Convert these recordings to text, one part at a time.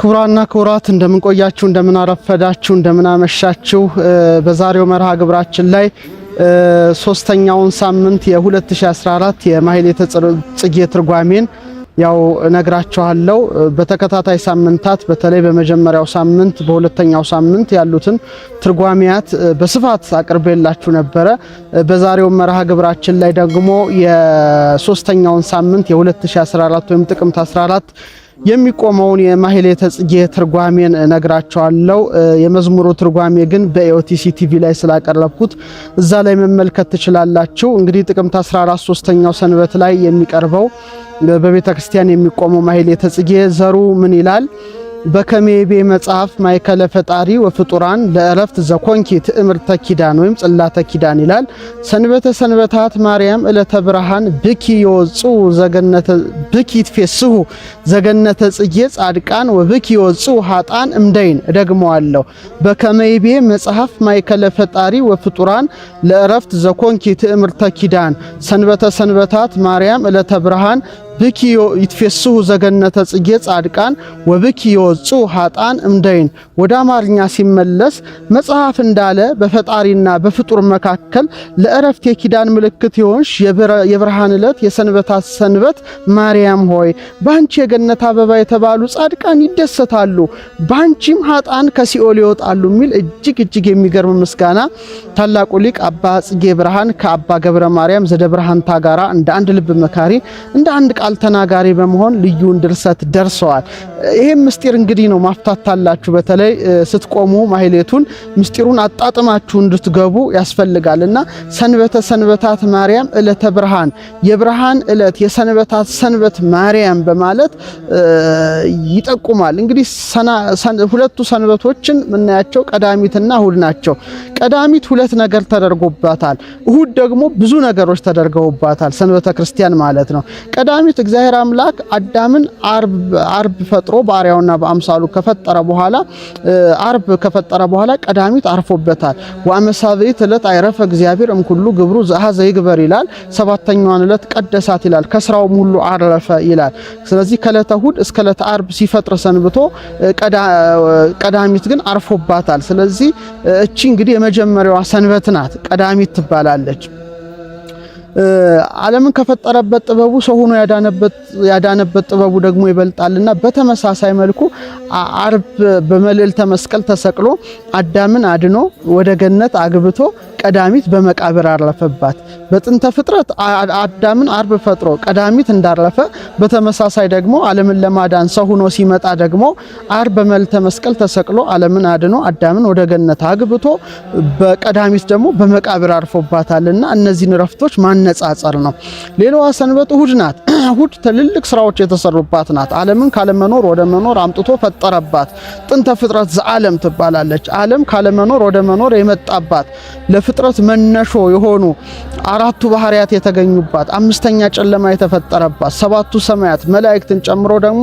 ክቡራና ክቡራት አረፈዳችሁ፣ እንደምን አመሻችሁ። በዛሬው መርሃ ግብራችን ላይ ሶስተኛውን ሳምንት የ2014 የማሕሌተ ጽጌ ትርጓሜን ያው ነግራችኋለሁ። በተከታታይ ሳምንታት በተለይ በመጀመሪያው ሳምንት በሁለተኛው ሳምንት ያሉትን ትርጓሜያት በስፋት አቅርቤላችሁ ነበረ። በዛሬው መርሃ ግብራችን ላይ ደግሞ የሶስተኛውን ሳምንት የ2014 ወይም ጥቅምት 14 የሚቆመውን የማህሌተ ጽጌ ትርጓሜን ነግራቸዋለው። የመዝሙሩ ትርጓሜ ግን በኢኦቲሲ ቲቪ ላይ ስላቀረብኩት እዛ ላይ መመልከት ትችላላችሁ። እንግዲህ ጥቅምት 14 ሶስተኛው ሰንበት ላይ የሚቀርበው በቤተ ክርስቲያን የሚቆመው ማህሌተ ጽጌ ዘሩ ምን ይላል? በከሜቤ መጽሐፍ ማይከለ ፈጣሪ ወፍጡራን ለእረፍት ዘኮንኪ ትእምርተ ኪዳን ወይም ጽላተ ኪዳን ይላል። ሰንበተ ሰንበታት ማርያም እለተ ብርሃን ብኪ ይወጹ ዘገነተ ብኪ ይትፌስሁ ዘገነተ ጽጌ ጻድቃን ወብኪ ይወጹ ሀጣን እምደይን። እደግመዋለሁ። በከሜቤ መጽሐፍ ማይከለ ፈጣሪ ወፍጡራን ለእረፍት ዘኮንኪ ትእምርተ ኪዳን ሰንበተ ሰንበታት ማርያም እለተ ብርሃን ብኪ ይትፌስሑ ዘገነተ ጽጌ ጻድቃን ወብኪ ይወፁ ኃጣን እምደይን። ወደ አማርኛ ሲመለስ መጽሐፍ እንዳለ በፈጣሪና በፍጡር መካከል ለእረፍት የኪዳን ምልክት የሆንሽ የብርሃን ዕለት የሰንበታት ሰንበት ማርያም ሆይ ባንቺ የገነት አበባ የተባሉ ጻድቃን ይደሰታሉ፣ ባንቺም ኃጣን ከሲኦል ይወጣሉ የሚል እጅግ እጅግ የሚገርም ምስጋና ታላቁ ሊቅ አባ ጽጌ ብርሃን ከአባ ገብረ ማርያም ዘደብረ ሐንታ ጋራ እንደ አንድ ልብ መካሪ እንደ አንድ ቃል ቃል ተናጋሪ በመሆን ልዩን ድርሰት ደርሰዋል። ይሄም ምስጢር እንግዲህ ነው ማፍታታላችሁ። በተለይ ስትቆሙ ማህሌቱን ምስጢሩን አጣጥማችሁ እንድትገቡ ያስፈልጋል እና ሰንበተ ሰንበታት ማርያም እለተ ብርሃን የብርሃን እለት የሰንበታት ሰንበት ማርያም በማለት ይጠቁማል። እንግዲህ ሁለቱ ሰንበቶችን የምናያቸው ቀዳሚትና እሁድ ናቸው። ቀዳሚት ሁለት ነገር ተደርጎባታል። እሁድ ደግሞ ብዙ ነገሮች ተደርገውባታል። ሰንበተ ክርስቲያን ማለት ነው። ቀዳሚት እግዚአብሔር አምላክ አዳምን አርብ አርብ ፈጥሮ ባሪያውና በአምሳሉ ከፈጠረ በኋላ አርብ ከፈጠረ በኋላ ቀዳሚት አርፎበታል። ወአመሳብዕት ዕለት አይረፈ እግዚአብሔር እምኩሉ ግብሩ ዘአኀ ዘይግበር ይላል። ሰባተኛዋን ዕለት ቀደሳት ይላል። ከስራውም ሁሉ አረፈ ይላል። ስለዚህ ከዕለተ እሑድ እስከ ዕለተ አርብ ሲፈጥር ሰንብቶ ቀዳሚት ግን አርፎባታል። ስለዚህ እቺ እንግዲህ የመጀመሪያዋ ሰንበት ናት። ቀዳሚት ትባላለች። ዓለምን ከፈጠረበት ጥበቡ ሰው ሆኖ ያዳነበት ያዳነበት ጥበቡ ደግሞ ይበልጣልና በተመሳሳይ መልኩ አርብ በመልዕልተ መስቀል ተሰቅሎ አዳምን አድኖ ወደ ገነት አግብቶ ቀዳሚት በመቃብር አረፈባት። በጥንተ ፍጥረት አዳምን አርብ ፈጥሮ ቀዳሚት እንዳረፈ በተመሳሳይ ደግሞ ዓለምን ለማዳን ሰው ሆኖ ሲመጣ ደግሞ አርብ በመልተ መስቀል ተሰቅሎ ዓለምን አድኖ አዳምን ወደ ገነት አግብቶ በቀዳሚት ደግሞ በመቃብር አርፎባታልና እነዚህን ረፍቶች ማነጻጸር ነው። ሌላዋ ሰንበት እሁድ ናት። እሁድ ትልልቅ ስራዎች የተሰሩባት ናት። ዓለምን ካለመኖር ወደ መኖር አምጥቶ ፈጠረባት። ጥንተ ፍጥረት ዘዓለም ትባላለች። ዓለም ካለመኖር ወደ መኖር የመጣባት ፍጥረት መነሾ የሆኑ አራቱ ባህሪያት የተገኙባት፣ አምስተኛ ጨለማ የተፈጠረባት፣ ሰባቱ ሰማያት መላእክትን ጨምሮ ደግሞ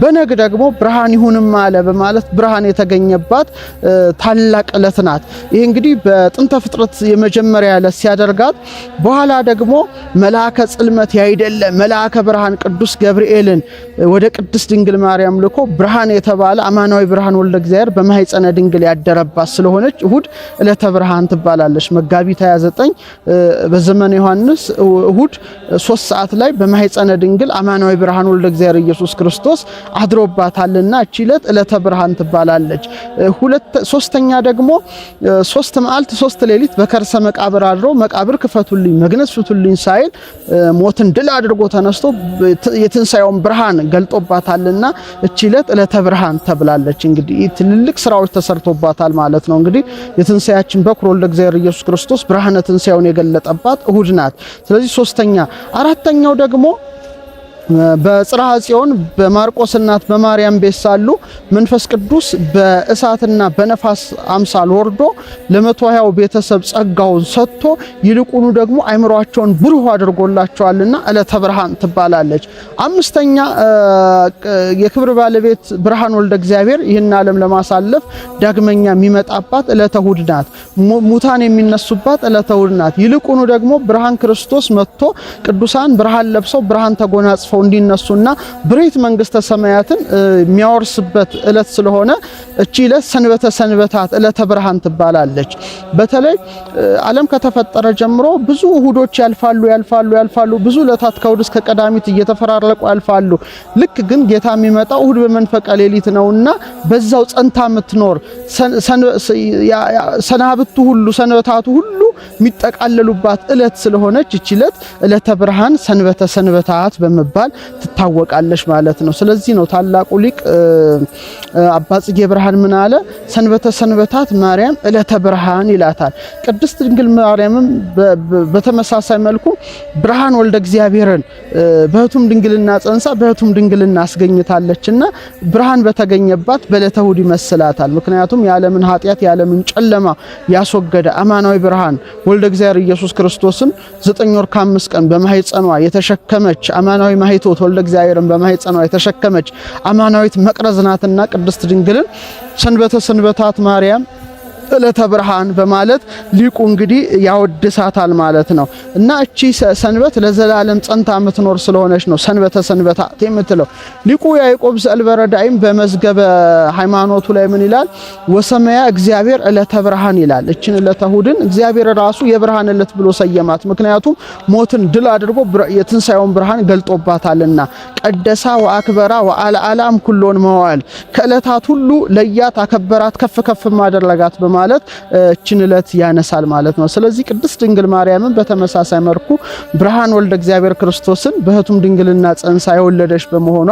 በነግ ደግሞ ብርሃን ይሁንም አለ በማለት ብርሃን የተገኘባት ታላቅ ዕለት ናት። ይህ እንግዲህ በጥንተ ፍጥረት የመጀመሪያ ዕለት ሲያደርጋት በኋላ ደግሞ መልአከ ጽልመት ያይደለ መልአከ ብርሃን ቅዱስ ገብርኤልን ወደ ቅድስት ድንግል ማርያም ልኮ ብርሃን የተባለ አማናዊ ብርሃን ወልደ እግዚአብሔር በማኅፀነ ድንግል ያደረባት ስለሆነች እሁድ ዕለተ ብርሃን ትባላለች። ታውቃለች። መጋቢት 29 በዘመነ ዮሐንስ እሁድ ሶስት ሰዓት ላይ በማህፀነ ድንግል አማናዊ ብርሃን ወልደ እግዚአብሔር ኢየሱስ ክርስቶስ አድሮባታልና እቺ ዕለት ዕለተ ብርሃን ትባላለች። ሁለት ሶስተኛ ደግሞ ሶስት መዓልት ሶስት ሌሊት በከርሰ መቃብር አድሮ መቃብር ክፈቱልኝ መግነዝ ፍቱልኝ ሳይል ሞትን ድል አድርጎ ተነስቶ የትንሳኤውን ብርሃን ገልጦባታልና እቺ ዕለት ዕለተ ብርሃን ተብላለች። እንግዲህ ትልልቅ ስራዎች ተሰርቶባታል ማለት ነው። እንግዲህ የትንሳኤያችን በኩር ወልደ እግዚአብሔር ኢየሱስ ክርስቶስ ብርሃነ ትንሣኤውን የገለጠባት እሁድ ናት። ስለዚህ ሶስተኛ አራተኛው ደግሞ በጽርሐ ጽዮን በማርቆስ እናት በማርያም ቤት ሳሉ መንፈስ ቅዱስ በእሳትና በነፋስ አምሳል ወርዶ ለመቶ ሃያው ቤተሰብ ጸጋውን ሰጥቶ ይልቁኑ ደግሞ አይምሯቸውን ብሩህ አድርጎላቸዋልና ዕለተ ብርሃን ትባላለች። አምስተኛ የክብር ባለቤት ብርሃን ወልደ እግዚአብሔር ይህን ዓለም ለማሳለፍ ዳግመኛ የሚመጣባት ዕለተ እሁድ ናት። ሙታን የሚነሱባት ዕለተ እሁድ ናት። ይልቁኑ ደግሞ ብርሃን ክርስቶስ መጥቶ ቅዱሳን ብርሃን ለብሰው ብርሃን ተጎናጽፈው ተመልሰው እንዲነሱና ብሬት መንግስተ ሰማያትን የሚያወርስበት እለት ስለሆነ እቺ እለት ሰንበተ ሰንበታት እለተ ብርሃን ትባላለች። በተለይ ዓለም ከተፈጠረ ጀምሮ ብዙ እሁዶች ያልፋሉ ያልፋሉ ያልፋሉ። ብዙ እለታት ከእሁድ እስከ ቀዳሚት እየተፈራረቁ ያልፋሉ። ልክ ግን ጌታ የሚመጣው እሁድ በመንፈቀ ሌሊት ነውና በዛው ጸንታ የምትኖር ሰናብቱ ሁሉ ሰንበታቱ ሁሉ የሚጠቃለሉባት እለት ስለሆነች እቺ እለት እለተ ብርሃን ሰንበተ ሰንበታት በመባል በመባል ትታወቃለች ማለት ነው። ስለዚህ ነው ታላቁ ሊቅ አባ ጽጌ ብርሃን ምን አለ? ሰንበተ ሰንበታት ማርያም እለተ ብርሃን ይላታል። ቅድስት ድንግል ማርያምም በተመሳሳይ መልኩ ብርሃን ወልደ እግዚአብሔርን በህቱም ድንግልና ጸንሳ በህቱም ድንግልና አስገኝታለችና ብርሃን በተገኘባት በዕለተ እሑድ ይመስላታል። ምክንያቱም የዓለምን ኃጢአት የዓለምን ጨለማ ያስወገደ አማናዊ ብርሃን ወልደ እግዚአብሔር ኢየሱስ ክርስቶስን ዘጠኝ ወር ከአምስት ቀን በማህፀኗ የተሸከመች አማናዊ ማኅቶት ተወልደ እግዚአብሔርን በማኅፀኗ የተሸከመች አማናዊት መቅረዝ ናትና ቅድስት ድንግልን ሰንበተ ሰንበታት ማርያም ዕለተ ብርሃን በማለት ሊቁ እንግዲህ ያወድሳታል ማለት ነው። እና እቺ ሰንበት ለዘላለም ጸንታ የምትኖር ስለሆነች ነው ሰንበተ ሰንበታት የምትለው። ሊቁ ያዕቆብ ዘእልበረዳይም በመዝገበ ሃይማኖቱ ላይ ምን ይላል? ወሰማያ እግዚአብሔር ዕለተ ብርሃን ይላል። እችን ዕለተ እሑድን እግዚአብሔር ራሱ የብርሃን ዕለት ብሎ ሰየማት። ምክንያቱም ሞትን ድል አድርጎ የትንሣኤውን ብርሃን ገልጦባታልና ቀደሳ ወአክበራ ወአልዓላም ኩሎን መዋል ከዕለታት ሁሉ ለያት፣ አከበራት፣ ከፍ ከፍ ማደረጋት በማለት እችን ዕለት ያነሳል ማለት ነው። ስለዚህ ቅድስት ድንግል ማርያምን በተመሳሳይ መልኩ ብርሃን ወልደ እግዚአብሔር ክርስቶስን በህቱም ድንግልና ጸንሳ የወለደች በመሆኗ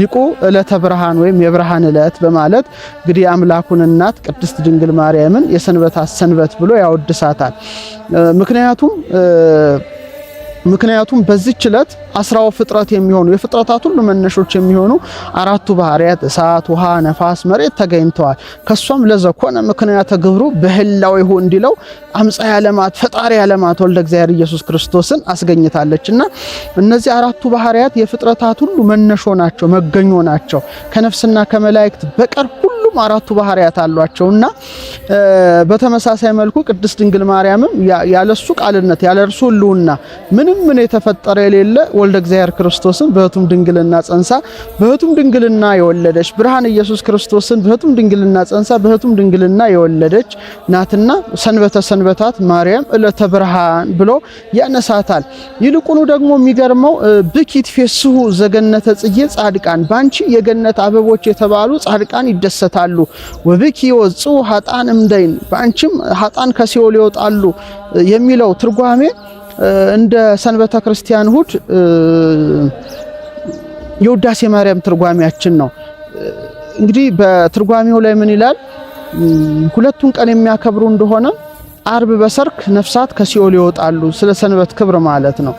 ሊቁ ዕለተ ብርሃን ወይም የብርሃን ዕለት በማለት እንግዲህ አምላኩን እናት ቅድስት ድንግል ማርያምን የሰንበታት ሰንበት ብሎ ያወድሳታል። ምክንያቱም ምክንያቱም በዚህች ዕለት አስራው ፍጥረት የሚሆኑ የፍጥረታት ሁሉ መነሾች የሚሆኑ አራቱ ባህሪያት እሳት፣ ውሃ፣ ነፋስ፣ መሬት ተገኝተዋል። ከሷም ለዘኮነ ምክንያተ ግብሩ በህላው ይሁን እንዲለው አምፃ ያለማት ፈጣሪ ያለማት ወልደ እግዚአብሔር ኢየሱስ ክርስቶስን አስገኝታለችና እነዚህ አራቱ ባህሪያት የፍጥረታት ሁሉ መነሾ ናቸው፣ መገኞ ናቸው። ከነፍስና ከመላእክት በቀር ሁሉ ሁሉም አራቱ ባህሪያት አሏቸውና በተመሳሳይ መልኩ ቅድስት ድንግል ማርያምም ያለሱ ቃልነት ያለርሱ ህልውና ምንም ምን የተፈጠረ የሌለ ወልደ እግዚአብሔር ክርስቶስን በህቱም ድንግልና ጸንሳ በህቱም ድንግልና የወለደች ብርሃን ኢየሱስ ክርስቶስን በህቱም ድንግልና ጸንሳ በህቱም ድንግልና የወለደች ናትና ሰንበተ ሰንበታት ማርያም እለተ ብርሃን ብሎ ያነሳታል። ይልቁኑ ደግሞ የሚገርመው ብኪት ፌስሁ ዘገነተ ጽጌ ጻድቃን ባንቺ የገነት አበቦች የተባሉ ጻድቃን ይደሰታል ይመለሳሉ። ወብኪ ወፁ ሀጣን እምደይን በአንቺም ሀጣን ከሲኦል ይወጣሉ የሚለው ትርጓሜ እንደ ሰንበተ ክርስቲያን እሁድ የውዳሴ ማርያም ትርጓሜያችን ነው። እንግዲህ በትርጓሜው ላይ ምን ይላል? ሁለቱን ቀን የሚያከብሩ እንደሆነ አርብ በሰርክ ነፍሳት ከሲኦል ይወጣሉ። ስለ ሰንበት ክብር ማለት ነው።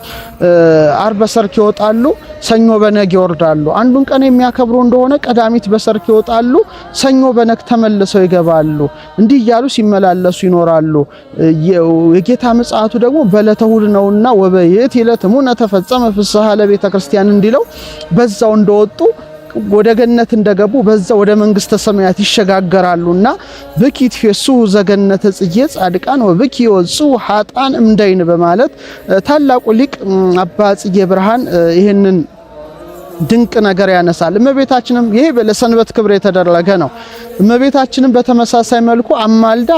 አርብ በሰርክ ይወጣሉ፣ ሰኞ በነግ ይወርዳሉ። አንዱን ቀን የሚያከብሩ እንደሆነ ቀዳሚት በሰርክ ይወጣሉ፣ ሰኞ በነግ ተመልሰው ይገባሉ። እንዲህ እያሉ ሲመላለሱ ይኖራሉ። የጌታ ምጽአቱ ደግሞ በዕለተ ነውና ወበይት ይለትሙ ተፈጸመ ፍስሐ ለቤተ ክርስቲያን እንዲለው በዛው እንደወጡ ወደ ገነት እንደገቡ በዛ ወደ መንግስተ ሰማያት ይሸጋገራሉና ብኪት ፌሱ ዘገነተ ጽጌ ጻድቃን ወብኪ ወጹ ሀጣን እምዳይን በማለት ታላቁ ሊቅ አባ ጽጌ ብርሃን ይህንን ድንቅ ነገር ያነሳል። እመቤታችንም ይሄ ለሰንበት ክብር የተደረገ ነው። እመቤታችንም በተመሳሳይ መልኩ አማልዳ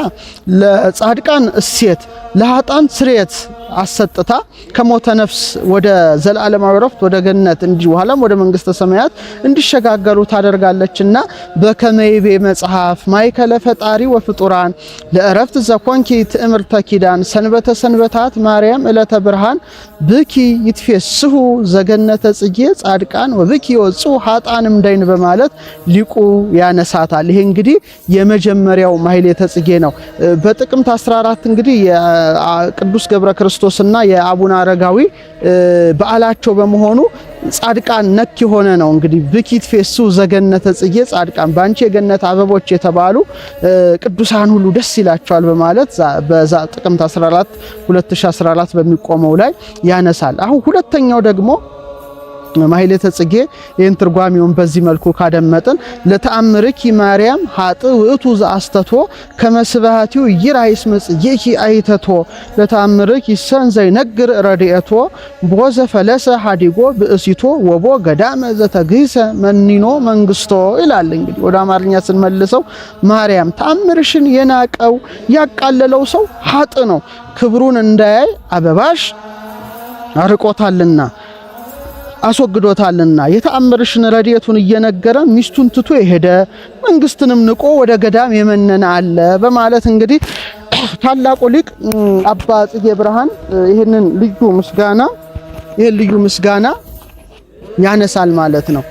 ለጻድቃን እሴት ለሀጣን ስርየት አሰጥታ ከሞተ ነፍስ ወደ ዘላለማዊ ረፍት ወደ ገነት እንዲህ በኋላም ወደ መንግስተ ሰማያት እንዲሸጋገሩ ታደርጋለችና በከመይቤ መጽሐፍ ማይከለ ፈጣሪ ወፍጡራን ለእረፍት ዘኮንኪ ትእምርተ ኪዳን ሰንበተ ሰንበታት ማርያም እለተ ብርሃን ብኪ ይትፌስሁ ዘገነተ ጽጌ ጻድቃን ኃጥአን ወብኪ ይወፁ ኃጥአንም ዳይን በማለት ሊቁ ያነሳታል። ይሄ እንግዲህ የመጀመሪያው ማሕሌተ ጽጌ ነው። በጥቅምት 14 እንግዲህ የቅዱስ ገብረ ክርስቶስና የአቡነ አረጋዊ በዓላቸው በመሆኑ ጻድቃን ነክ የሆነ ነው። እንግዲህ ብኪት ፌሱ ዘገነተ ጽጌ ጻድቃን በአንቺ የገነት አበቦች የተባሉ ቅዱሳን ሁሉ ደስ ይላቸዋል በማለት በዛ ጥቅምት 14 2014 በሚቆመው ላይ ያነሳል። አሁን ሁለተኛው ደግሞ ማሕሌተ ጽጌ ይህን ትርጓሜውን በዚህ መልኩ ካደመጥን ለተአምርኪ ማርያም ሀጥ ውእቱ ዘአስተቶ ከመስባቲው ይራይስ መጽጌኪ አይተቶ ለተአምርኪ ሰንዘይ ነግር ረድኤቶ ቦዘ ፈለሰ ሀዲጎ ብእሲቶ ወቦ ገዳመ ዘተግሰ መኒኖ መንግስቶ ይላል። እንግዲህ ወደ አማርኛ ስንመልሰው ማርያም ተአምርሽን የናቀው ያቃለለው ሰው ሀጥ ነው፣ ክብሩን እንዳያይ አበባሽ አርቆታልና አስወግዶታልና የተአምርሽን ረድኤቱን እየነገረ ሚስቱን ትቶ የሄደ መንግስትንም ንቆ ወደ ገዳም የመነነ አለ በማለት እንግዲህ ታላቁ ሊቅ አባ ጽጌ ብርሃን ይህንን ልዩ ምስጋና ይህን ልዩ ምስጋና ያነሳል ማለት ነው።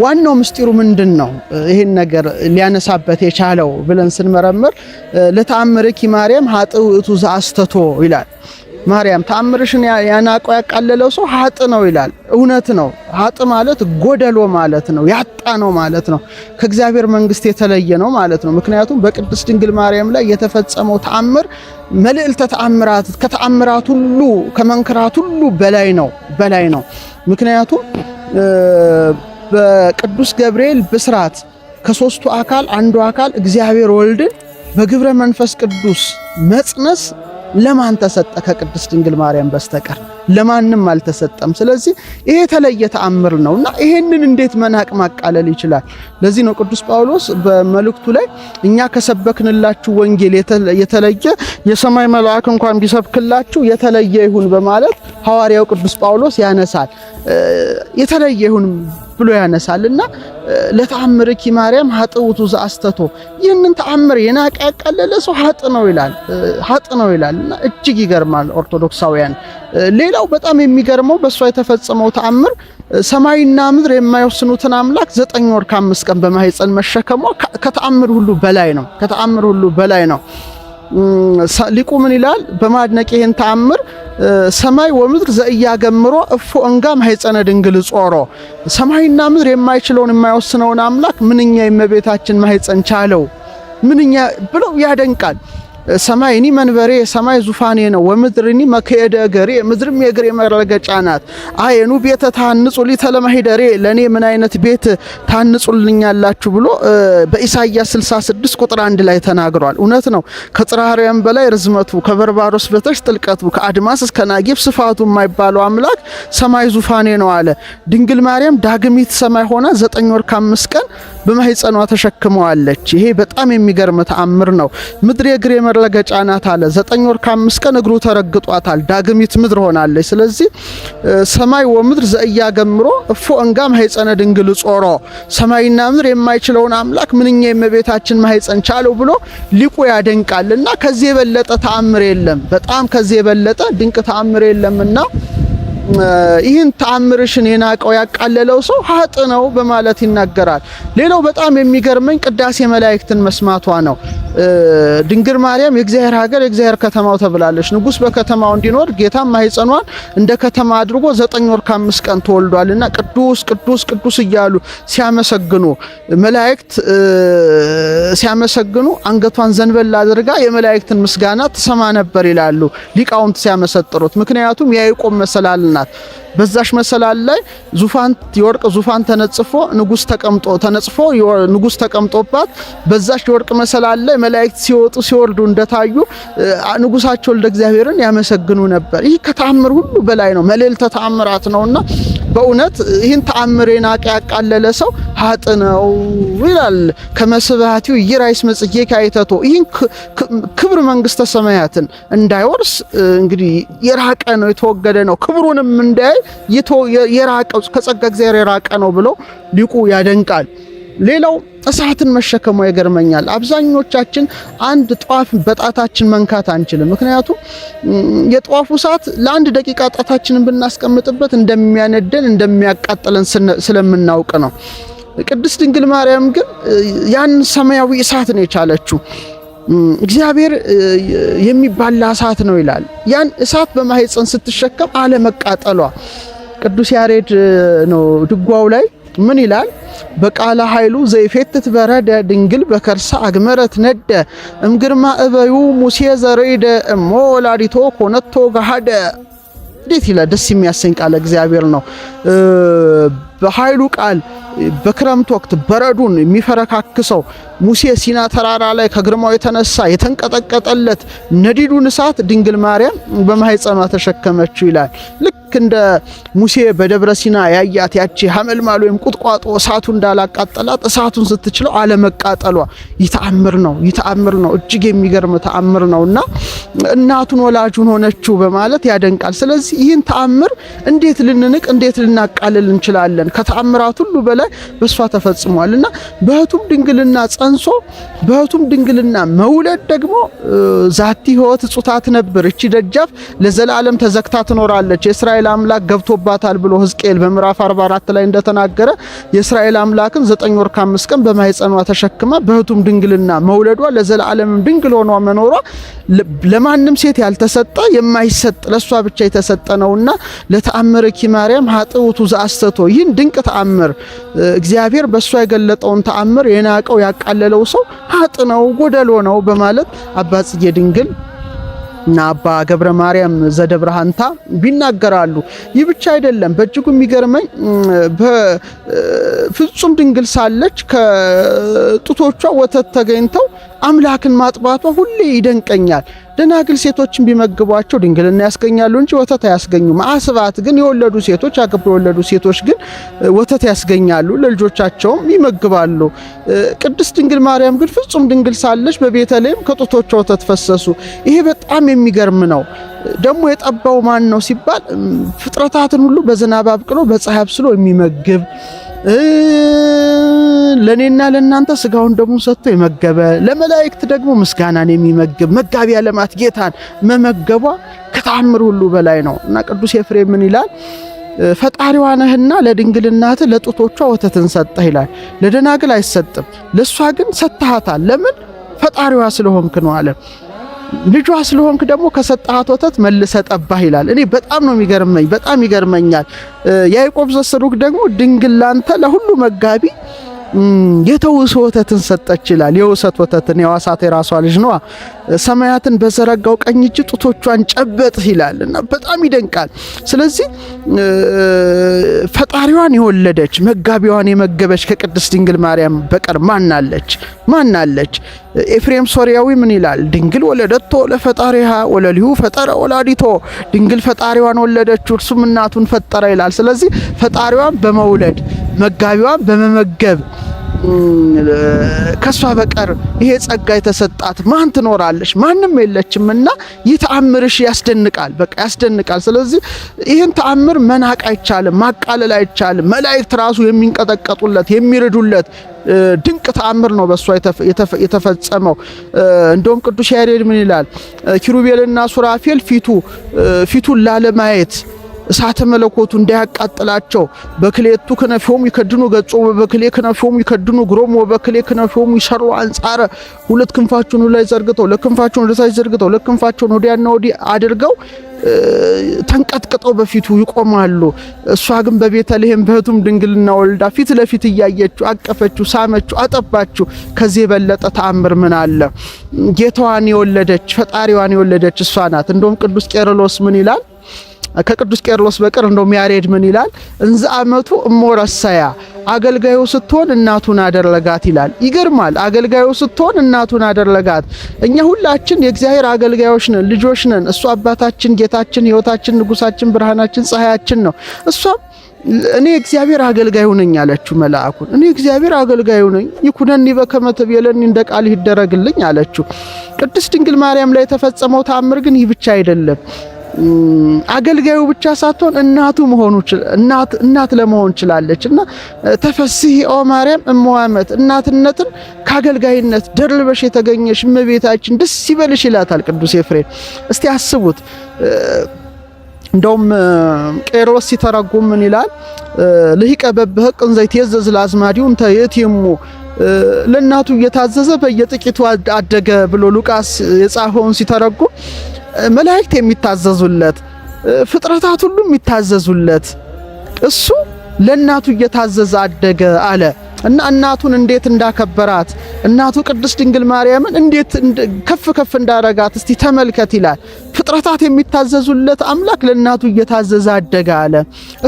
ዋናው ምስጢሩ ምንድን ነው? ይህን ነገር ሊያነሳበት የቻለው ብለን ስንመረምር ለተአምርኪ ማርያም ሀጥ ውእቱ ዘአስተቶ ይላል። ማርያም ታምርሽን ያናቀው ያቃለለው ሰው ሀጥ ነው ይላል። እውነት ነው። ሀጥ ማለት ጎደሎ ማለት ነው፣ ያጣ ነው ማለት ነው። ከእግዚአብሔር መንግስት የተለየ ነው ማለት ነው። ምክንያቱም በቅድስት ድንግል ማርያም ላይ የተፈጸመው ተአምር መልዕልተ ተአምራት ከተአምራት ሁሉ ከመንክራት ሁሉ በላይ ነው በላይ ነው። ምክንያቱም በቅዱስ ገብርኤል ብስራት ከሶስቱ አካል አንዱ አካል እግዚአብሔር ወልድን በግብረ መንፈስ ቅዱስ መጽነስ ለማን ተሰጠ ከቅድስት ድንግል ማርያም በስተቀር ለማንም አልተሰጠም። ስለዚህ ይሄ የተለየ ተአምር ነው እና ይሄንን እንዴት መናቅ ማቃለል ይችላል? ለዚህ ነው ቅዱስ ጳውሎስ በመልእክቱ ላይ እኛ ከሰበክንላችሁ ወንጌል የተለየ የሰማይ መልአክ እንኳን ቢሰብክላችሁ የተለየ ይሁን በማለት ሐዋርያው ቅዱስ ጳውሎስ ያነሳል። የተለየ ይሁን ብሎ ያነሳልና ለተአምርኪ ማርያም ሀጥውቱ ዘአስተቶ ይህንን ተአምር የናቀ ያቃለለ ሰው ሀጥ ነው ይላል ሀጥ ነው እና እጅግ ይገርማል ኦርቶዶክሳውያን። ሌላው በጣም የሚገርመው በእሷ የተፈጸመው ተአምር ሰማይና ምድር የማይወስኑትን አምላክ ዘጠኝ ወር ከአምስት ቀን በማህፀን መሸከሟ ከተአምር ሁሉ በላይ ነው። ከተአምር ሁሉ በላይ ነው። ሊቁ ምን ይላል? በማድነቅ ይህን ተአምር ሰማይ ወምድር ገምሮ እፎ እንጋም ሀይጸነ ድንግል ጾሮ ሰማይና ምድር የማይችለውን የማይወስነውን አምላክ ምንኛ የመቤታችን ማህፀን ቻለው ምንኛ ብለው ያደንቃል። ሰማይኒ መንበሬ ሰማይ ዙፋኔ ነው። ወምድርኒ መከየደ እገሬ ምድርም የእግሬ መረገጫ ናት። አየኑ ቤተ ታንጹ ሊተለማ ሂደሬ ለእኔ ምን አይነት ቤት ታንጹልኛላችሁ ብሎ በኢሳይያስ 66 ቁጥር 1 ላይ ተናግሯል። እውነት ነው። ከጽርሐ በላይ ርዝመቱ፣ ከበርባሮስ በታች ጥልቀቱ፣ ከአድማስ እስከ ናጊብ ስፋቱ የማይባለው አምላክ ሰማይ ዙፋኔ ነው አለ። ድንግል ማርያም ዳግሚት ሰማይ ሆና ዘጠኝ ወር ከአምስት ቀን በማህፀኗ ተሸክመዋለች። ይሄ በጣም የሚገርም ተአምር ነው። ምድር የእግሬ መረገጫ ናት አለ። ዘጠኝ ወር ከአምስት ቀን እግሩ ተረግጧታል። ዳግሚት ምድር ሆናለች። ስለዚህ ሰማይ ወምድር ዘእያ ገምሮ እፎ እንጋ ማህፀነ ድንግል ጾሮ ሰማይና ምድር የማይችለውን አምላክ ምንኛ የእመቤታችን ማህፀን ቻለው ብሎ ሊቁ ያደንቃልና ከዚህ የበለጠ ተአምር የለም። በጣም ከዚህ የበለጠ ድንቅ ተአምር የለምና ይህን ተአምርሽን የናቀው ያቃለለው ሰው ሀጥ ነው በማለት ይናገራል። ሌላው በጣም የሚገርመኝ ቅዳሴ መላእክትን መስማቷ ነው። ድንግል ማርያም የእግዚአብሔር ሀገር የእግዚአብሔር ከተማው ተብላለች። ንጉስ በከተማው እንዲኖር ጌታም ማኅፀኗን እንደ ከተማ አድርጎ ዘጠኝ ወር ከአምስት ቀን ተወልዷልና ቅዱስ ቅዱስ ቅዱስ እያሉ ሲያመሰግኑ መላእክት ሲያመሰግኑ አንገቷን ዘንበል አድርጋ የመላእክትን ምስጋና ትሰማ ነበር ይላሉ ሊቃውንት ሲያመሰጥሩት። ምክንያቱም የያዕቆብ መሰላልና ናት። በዛሽ መሰላል ላይ ዙፋን የወርቅ ዙፋን ተነጽፎ ንጉስ ተቀምጦ ተነጽፎ ንጉስ ተቀምጦባት በዛሽ የወርቅ መሰላል ላይ መላእክት ሲወጡ ሲወርዱ እንደታዩ ንጉሳቸው ወልደ እግዚአብሔርን ያመሰግኑ ነበር። ይህ ከተአምር ሁሉ በላይ ነው። መልዕልተ ተአምራት ነውና በእውነት ይህን ተአምር የናቀ ያቃለለ ሰው ሀጥ ነው ይላል። ከመስባቲው ይራይስ መጽጌ ካይተቶ ይህን ክብር መንግስተ ሰማያትን እንዳይወርስ እንግዲህ የራቀ ነው የተወገደ ነው ክብሩን ሁሉንም እንዳይ የራቀው ከጸጋ እግዚአብሔር የራቀ ነው ብሎ ሊቁ ያደንቃል። ሌላው እሳትን መሸከሙ ይገርመኛል። አብዛኞቻችን አንድ ጧፍ በጣታችን መንካት አንችልም። ምክንያቱም የጧፉ እሳት ለአንድ ደቂቃ ጣታችንን ብናስቀምጥበት እንደሚያነደን እንደሚያቃጥለን ስለምናውቅ ነው። ቅድስት ድንግል ማርያም ግን ያን ሰማያዊ እሳት ነው የቻለችው። እግዚአብሔር የሚባላ እሳት ነው ይላል። ያን እሳት በማህፀን ስትሸከም አለመቃጠሏ ቅዱስ ያሬድ ነው ድጓው ላይ ምን ይላል? በቃለ ኃይሉ ዘይፌትት በረደ ድንግል በከርሳ አግመረት ነደ እምግርማ እበዩ ሙሴ ዘሬደ እሞ ወላዲቶ ኮነቶ ጋሃደ። እንዴት ይላል! ደስ የሚያሰኝ ቃለ እግዚአብሔር ነው። በኃይሉ ቃል በክረምት ወቅት በረዱን የሚፈረካክሰው ሙሴ ሲና ተራራ ላይ ከግርማው የተነሳ የተንቀጠቀጠለት ነዲዱን እሳት ድንግል ማርያም በማህፀኗ ተሸከመችው ይላል። ልክ እንደ ሙሴ በደብረ ሲና ያያት ያቺ ሐመልማል ወይም ቁጥቋጦ እሳቱ እንዳላቃጠላት እሳቱን ስትችለው አለመቃጠሏ ይተአምር ነው፣ ይተአምር ነው፣ እጅግ የሚገርም ተአምር ነው እና እናቱን ወላጁን ሆነችው በማለት ያደንቃል። ስለዚህ ይህን ተአምር እንዴት ልንንቅ፣ እንዴት ልናቃልል እንችላለን? ከተአምራት ሁሉ በላይ በእሷ ተፈጽሟል እና በህቱም ድንግልና ጸንሶ በህቱም ድንግልና መውለድ ደግሞ ዛቲ ህይወት እጹታት ነበር። እቺ ደጃፍ ለዘላለም ተዘግታ ትኖራለች የእስራኤል አምላክ ገብቶባታል ብሎ ህዝቅኤል በምዕራፍ 44 ላይ እንደተናገረ የእስራኤል አምላክም ዘጠኝ ወር ከአምስት ቀን በማይጸኗ ተሸክማ በህቱም ድንግልና መውለዷ ለዘላለምም ድንግል ሆኗ መኖሯ ለማንም ሴት ያልተሰጠ የማይሰጥ ለእሷ ብቻ የተሰጠ ነውና ለተአምረ ማርያም ሀጥውቱ ዘአስተቶ ይህን ድንቅ ተአምር እግዚአብሔር በእሷ የገለጠውን ተአምር የናቀው ያቃለለው ሰው ሀጥ ነው፣ ጎደሎ ነው በማለት አባ ጽጌ ድንግል እና አባ ገብረ ማርያም ዘደብረሃንታ ይናገራሉ ቢናገራሉ። ይህ ብቻ አይደለም። በእጅጉ የሚገርመኝ በፍጹም ድንግል ሳለች ከጡቶቿ ወተት ተገኝተው አምላክን ማጥባቷ ሁሌ ይደንቀኛል። ደናግል ሴቶችን ቢመግቧቸው ድንግልና ያስገኛሉ እንጂ ወተት አያስገኙም። አስባት ግን የወለዱ ሴቶች አግብተው የወለዱ ሴቶች ግን ወተት ያስገኛሉ፣ ለልጆቻቸውም ይመግባሉ። ቅድስት ድንግል ማርያም ግን ፍጹም ድንግል ሳለች በቤተልሔም ከጡቶቿ ወተት ፈሰሱ። ይሄ በጣም የሚገርም ነው። ደግሞ የጠባው ማን ነው ሲባል ፍጥረታትን ሁሉ በዝናብ አብቅሎ በፀሐይ አብስሎ የሚመግብ ለእኔና ለእናንተ ስጋውን ደሙን ሰጥቶ የመገበ ለመላእክት ደግሞ ምስጋናን የሚመግብ መጋቢ ዓለማት ጌታን መመገቧ ከተአምር ሁሉ በላይ ነው እና ቅዱስ ኤፍሬም ምን ይላል? ፈጣሪዋ ነህና ለድንግልናት ለጡቶቿ ወተትን ሰጠህ ይላል። ለደናግል አይሰጥም፣ ለእሷ ግን ሰጥሃታል። ለምን? ፈጣሪዋ ስለሆንክ ነው አለ። ልጇ ስለሆንክ ደግሞ ከሰጣሃት ወተት መልሰ ጠባህ ይላል። እኔ በጣም ነው የሚገርመኝ፣ በጣም ይገርመኛል። ያዕቆብ ዘስሩግ ደግሞ ድንግል ላንተ ለሁሉ መጋቢ የተውስ ወተትን ሰጠች ይላል። የውሰት ወተትን የዋሳት የራሷ ልጅ ነዋ። ሰማያትን በዘረጋው ቀኝ እጅ ጡቶቿን ጨበጥ ይላል እና በጣም ይደንቃል። ስለዚህ ፈጣሪዋን የወለደች መጋቢዋን የመገበች ከቅድስት ድንግል ማርያም በቀር ማናለች? ማናለች? ኤፍሬም ሶሪያዊ ምን ይላል? ድንግል ወለደቶ ለፈጣሪሃ ወለሊሁ ፈጠረ ወላዲቶ፣ ድንግል ፈጣሪዋን ወለደች እርሱም እናቱን ፈጠረ ይላል። ስለዚህ ፈጣሪዋን በመውለድ መጋቢዋን በመመገብ ከሷ በቀር ይሄ ጸጋ የተሰጣት ማን ትኖራለች? ማንም የለችም። እና ይህ ተአምርሽ ያስደንቃል፣ በቃ ያስደንቃል። ስለዚህ ይህን ተአምር መናቅ አይቻልም፣ ማቃለል አይቻልም። መላእክት ራሱ የሚንቀጠቀጡለት የሚርዱለት ድንቅ ተአምር ነው በእሷ የተፈጸመው። እንደውም ቅዱስ ያሬድ ምን ይላል? ኪሩቤልና ሱራፌል ፊቱ ፊቱን ላለማየት እሳተ መለኮቱ እንዳያቃጥላቸው በክሌቱ ክነፊሆሙ ይከድኑ ገጾ በበክሌ ክነፊሆሙ ይከድኑ ግሮም ወበክሌ ክነፊሆሙ ይሰሩ አንጻረ ሁለት ክንፋቸውን ላይ ዘርግተው ለክንፋቸውን ወደታች ዘርግተው ለክንፋቸውን ወዲያና ወዲህ አድርገው ተንቀጥቅጠው በፊቱ ይቆማሉ። እሷ ግን በቤተልሔም በህቱም ድንግልና ወልዳ ፊት ለፊት እያየችው አቀፈችው፣ ሳመችው፣ አጠባችው። ከዚህ የበለጠ ተአምር ምን አለ? ጌታዋን የወለደች ፈጣሪዋን የወለደች እሷ ናት። እንደውም ቅዱስ ቄርሎስ ምን ይላል? ከቅዱስ ቄርሎስ በቀር እንደውም ያሬድ ምን ይላል? እንዘ አመቱ እሞ አገልጋዩ ስትሆን እናቱን አደረጋት ይላል። ይገርማል። አገልጋዩ ስትሆን እናቱን አደረጋት። እኛ ሁላችን የእግዚአብሔር አገልጋዮች ነን፣ ልጆች ነን። እሱ አባታችን፣ ጌታችን፣ ህይወታችን፣ ንጉሳችን፣ ብርሃናችን፣ ፀሐያችን ነው። እሷም እኔ እግዚአብሔር አገልጋዩ ነኝ አለችው መልአኩን። እኔ እግዚአብሔር አገልጋዩ ነኝ ይኩነኒ በከመ ትቤለኒ እንደ ቃልህ ይደረግልኝ አለችው። ቅድስት ድንግል ማርያም ላይ የተፈጸመው ተአምር ግን ይህ ብቻ አይደለም። አገልጋዩ ብቻ ሳትሆን እናቱ መሆኑ እናት እናት ለመሆን ችላለች እና ተፈስሂ ኦ ማርያም እመዋመት እናትነትን ከአገልጋይነት ደርበሽ የተገኘሽ እመቤታችን ደስ ይበልሽ ይላታል ቅዱስ ኤፍሬም። እስቲ አስቡት። እንደውም ቄሮስ ሲተረጉም ምን ይላል? ልሂቀ በብሕቅ እንዘይት የዘዝ ለአዝማዲው እንተ የቲሙ ለእናቱ እየታዘዘ በየጥቂቱ አደገ ብሎ ሉቃስ የጻፈውን ሲተረጉም መላእክት የሚታዘዙለት፣ ፍጥረታት ሁሉ የሚታዘዙለት እሱ ለእናቱ እየታዘዘ አደገ አለ። እና እናቱን እንዴት እንዳከበራት እናቱ ቅድስት ድንግል ማርያምን እንዴት ከፍ ከፍ እንዳረጋት እስቲ ተመልከት ይላል። ፍጥረታት የሚታዘዙለት አምላክ ለእናቱ እየታዘዘ አደገ አለ።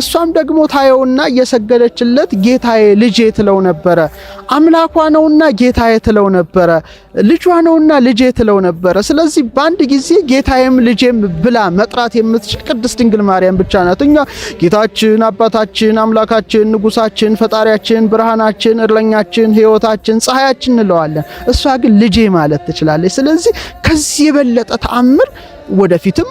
እሷም ደግሞ ታየውና እየሰገደችለት ጌታዬ ልጄ ትለው ነበረ። አምላኳ ነውና ጌታዬ ትለው ነበረ። ልጇ ነውና ልጄ ትለው ነበረ። ስለዚህ በአንድ ጊዜ ጌታዬም ልጄም ብላ መጥራት የምትችል ቅድስት ድንግል ማርያም ብቻ ናት። እኛ ጌታችን፣ አባታችን፣ አምላካችን፣ ንጉሳችን፣ ፈጣሪያችን፣ ብርሃናችን አምላካችን፣ እረኛችን፣ ሕይወታችን፣ ፀሐያችን እንለዋለን። እሷ ግን ልጄ ማለት ትችላለች። ስለዚህ ከዚህ የበለጠ ተአምር ወደፊትም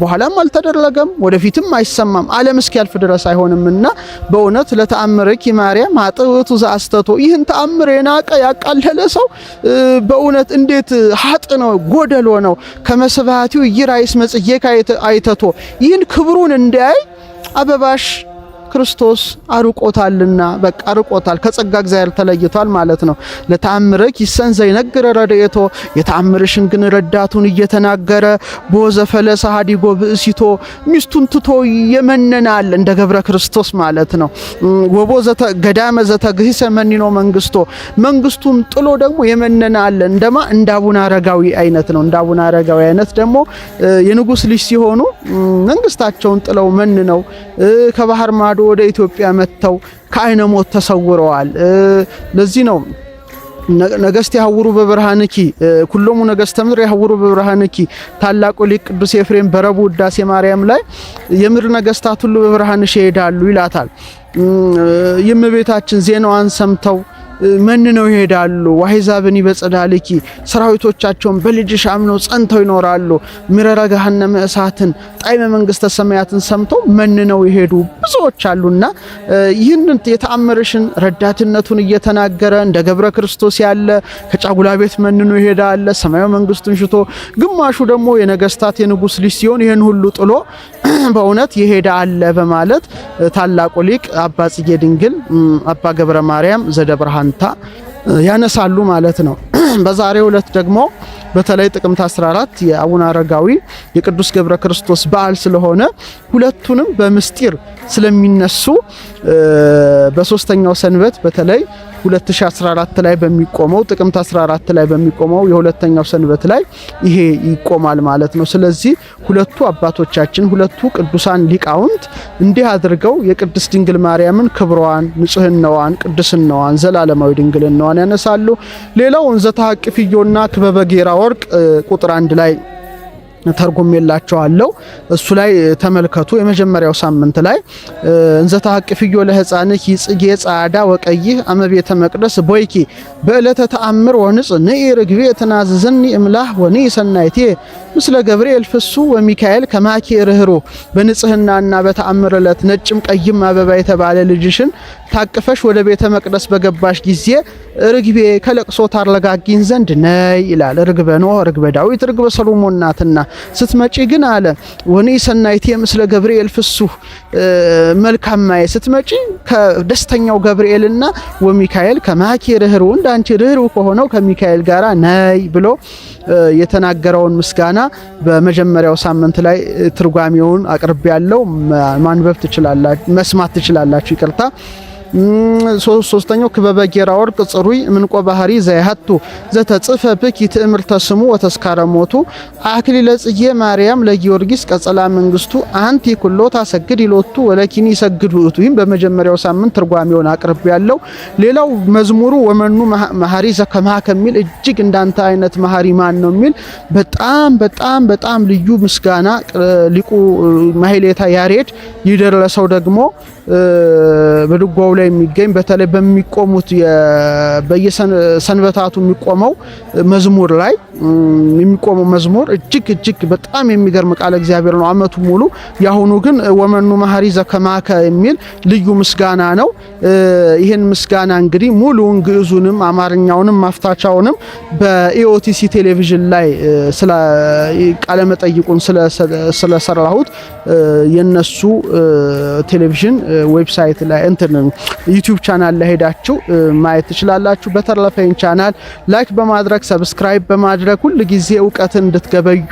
በኋላም አልተደረገም፣ ወደፊትም አይሰማም፣ ዓለም እስኪያልፍ ድረስ አይሆንምና በእውነት ለተአምርኪ ማርያም ኃጥእቱ ዘአስተቶ ይህን ተአምር የናቀ ያቃለለ ሰው በእውነት እንዴት ሀጥ ነው ጎደሎ ነው። ከመስባቲው ይራይስ መጽየካ አይተቶ ይህን ክብሩን እንዲያይ አበባሽ ክርስቶስ አርቆታልና በቃ አርቆታል፣ ከጸጋ እግዚአብሔር ተለይቷል ማለት ነው። ለተአምረኪ ይሰንዘ ይነግረ ረድኤቶ የተአምርሽን ግን ረዳቱን እየተናገረ ቦዘ ፈለሰ ሀዲጎ ብእሲቶ ሚስቱን ትቶ የመነናል እንደ ገብረ ክርስቶስ ማለት ነው። ወቦ ገዳመ ዘተግሂሰ መኒኖ መንግስቶ መንግስቱን ጥሎ ደግሞ የመነናል እንደማ እንደ አቡነ አረጋዊ አይነት ነው። እንደ አቡነ አረጋዊ አይነት ደግሞ የንጉሥ ልጅ ሲሆኑ መንግስታቸውን ጥለው መንነው ከባህር ማዶ ማዶ ወደ ኢትዮጵያ መጥተው ከአይነ ሞት ተሰውረዋል። ለዚህ ነው ነገስት ያውሩ በብርሃንኪ ኩሎሙ ነገስተ ምድር ያውሩ በብርሃንኪ ታላቁ ሊቅ ቅዱስ ኤፍሬም በረቡ ውዳሴ ማርያም ላይ የምድር ነገስታት ሁሉ በብርሃንሽ ይሄዳሉ ይላታል። ይህም ቤታችን ዜናዋን ሰምተው መንነው ይሄዳሉ። ዋሂዛብኒ በጸዳልኪ ሰራዊቶቻቸውን በልጅሽ አምነው ጸንተው ይኖራሉ። ሚረረ ገሃነመ እሳትን ጣዕመ መንግስተ ሰማያትን ሰምተው መንነው ይሄዱ ብዙዎች አሉና ይህንን የተአምርሽን ረዳትነቱን እየተናገረ እንደ ገብረ ክርስቶስ ያለ ከጫጉላ ቤት መንኖ ይሄዳል ሰማያዊ መንግስቱን ሽቶ፣ ግማሹ ደግሞ የነገስታት የንጉስ ልጅ ሲሆን ይህን ሁሉ ጥሎ በእውነት ይሄዳ አለ በማለት ታላቁ ሊቅ አባ ጽጌ ድንግል አባ ገብረ ማርያም ዘደብርሃን ሰላምታ ያነሳሉ ማለት ነው። በዛሬ ዕለት ደግሞ በተለይ ጥቅምት 14 የአቡነ አረጋዊ የቅዱስ ገብረ ክርስቶስ በዓል ስለሆነ ሁለቱንም በምስጢር ስለሚነሱ በሶስተኛው ሰንበት በተለይ 2014 ላይ በሚቆመው ጥቅምት 14 ላይ በሚቆመው የሁለተኛው ሰንበት ላይ ይሄ ይቆማል ማለት ነው። ስለዚህ ሁለቱ አባቶቻችን ሁለቱ ቅዱሳን ሊቃውንት እንዲህ አድርገው የቅድስት ድንግል ማርያምን ክብሯን፣ ንጽህናዋን፣ ቅድስናዋን፣ ዘላለማዊ ድንግልናዋን ያነሳሉ። ሌላው እንዘታ ቅፍዮና ክበበጌራ ወርቅ ቁጥር አንድ ላይ ተርጉም የላቸዋለው እሱ ላይ ተመልከቱ። የመጀመሪያው ሳምንት ላይ እንዘታ አቅፍዮ ለሕፃንኪ ጽጌ ጻዳ ወቀይህ አመቤተ መቅደስ ቦይኪ በዕለተ ተአምር ወንጽ ንኢ ርግቤ ተናዝዝኒ እምላህ ወኒ ሰናይቴ ምስለ ገብርኤል ፍሱ ወሚካኤል ከማኪ ርህሩ በንጽህናና በተአምር ዕለት ነጭም ቀይም አበባ የተባለ ልጅሽን ታቅፈሽ ወደ ቤተ መቅደስ በገባሽ ጊዜ ርግቤ ከለቅሶ ታረጋጊኝ ዘንድ ነይ ይላል። ርግበ ኖህ፣ ርግበ ዳዊት፣ ርግበ ሰሎሞን ናትና ስትመጪ ግን አለ ወኔ ሰናይቴ ምስለ ገብርኤል ፍሱህ መልካም ማየ ስትመጪ ከደስተኛው ገብርኤልና ወሚካኤል ከማኪ ርህሩ እንዳንቺ ርህሩ ከሆነው ከሚካኤል ጋራ ነይ ብሎ የተናገረውን ምስጋና በመጀመሪያው ሳምንት ላይ ትርጓሜውን አቅርቤ ያለው ማንበብ ትችላላችሁ፣ መስማት ትችላላችሁ። ይቅርታ ሶስተኛው ክበበ ጌራ ወርቅ ጽሩይ ምንቆ ባህሪ ዘያሃቱ ዘተጽፈ ብክ ይትእምርተ ስሙ ወተስካረ ሞቱ አክሊለ ጽጌ ማርያም ለጊዮርጊስ ቀጸላ መንግስቱ አንቲ ኩሎ ታሰግድ ይሎቱ ወለኪኒ ይሰግዱ እቱ። ይህም በመጀመሪያው ሳምንት ትርጓሜውን አቅርብ ያለው። ሌላው መዝሙሩ ወመኑ መሐሪ ዘከማ ከሚል እጅግ እንዳንተ አይነት መሐሪ ማን ነው የሚል በጣም በጣም በጣም ልዩ ምስጋና ሊቁ ማህሌታ ያሬድ ይደረሰው ደግሞ በድጓው ላይ የሚገኝ በተለይ በሚቆሙት በየሰንበታቱ የሚቆመው መዝሙር ላይ የሚቆመው መዝሙር እጅግ እጅግ በጣም የሚገርም ቃለ እግዚአብሔር ነው ዓመቱ ሙሉ። የአሁኑ ግን ወመኑ መሐሪ ዘከማከ የሚል ልዩ ምስጋና ነው። ይህን ምስጋና እንግዲህ ሙሉውን ግዕዙንም አማርኛውንም ማፍታቻውንም በኢኦቲሲ ቴሌቪዥን ላይ ቃለመጠይቁን ስለሰራሁት የነሱ ቴሌቪዥን ዌብሳይት ላይ እንትን ዩቲዩብ ቻናል ላይ ሄዳችሁ ማየት ትችላላችሁ። በተረፈኝ ቻናል ላይክ በማድረግ ሰብስክራይብ በማድረግ ሁል ጊዜ እውቀትን እንድትገበዩ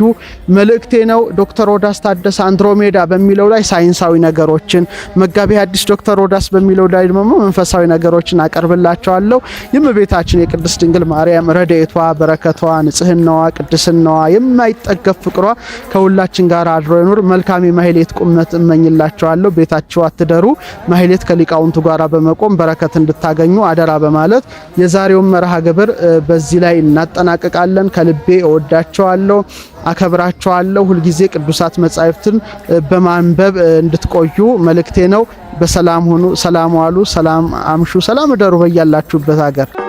መልእክቴ ነው። ዶክተር ሮዳስ ታደሰ አንድሮሜዳ በሚለው ላይ ሳይንሳዊ ነገሮችን፣ መጋቢ አዲስ ዶክተር ሮዳስ በሚለው ላይ ደግሞ መንፈሳዊ ነገሮችን አቀርብላቸዋለሁ። የእመቤታችን የቅድስት ድንግል ማርያም ረድኤቷ፣ በረከቷ፣ ንጽህናዋ፣ ቅድስናዋ፣ የማይጠገፍ ፍቅሯ ከሁላችን ጋር አድሮ ይኑር። መልካም የማህሌት ቁመት እመኝላቸዋለሁ። ቤታችሁ አትደሩ። ማህሌት ከሊቃውንቱ ጋራ በመቆም በረከት እንድታገኙ አደራ በማለት የዛሬውን መርሃ ግብር በዚህ ላይ እናጠናቅቃለን። ከልቤ እወዳቸዋለሁ፣ አከብራቸዋለሁ። ሁልጊዜ ቅዱሳት መጻሕፍትን በማንበብ እንድትቆዩ መልእክቴ ነው። በሰላም ሁኑ። ሰላም ዋሉ፣ ሰላም አምሹ፣ ሰላም እደሩ በያላችሁበት ሀገር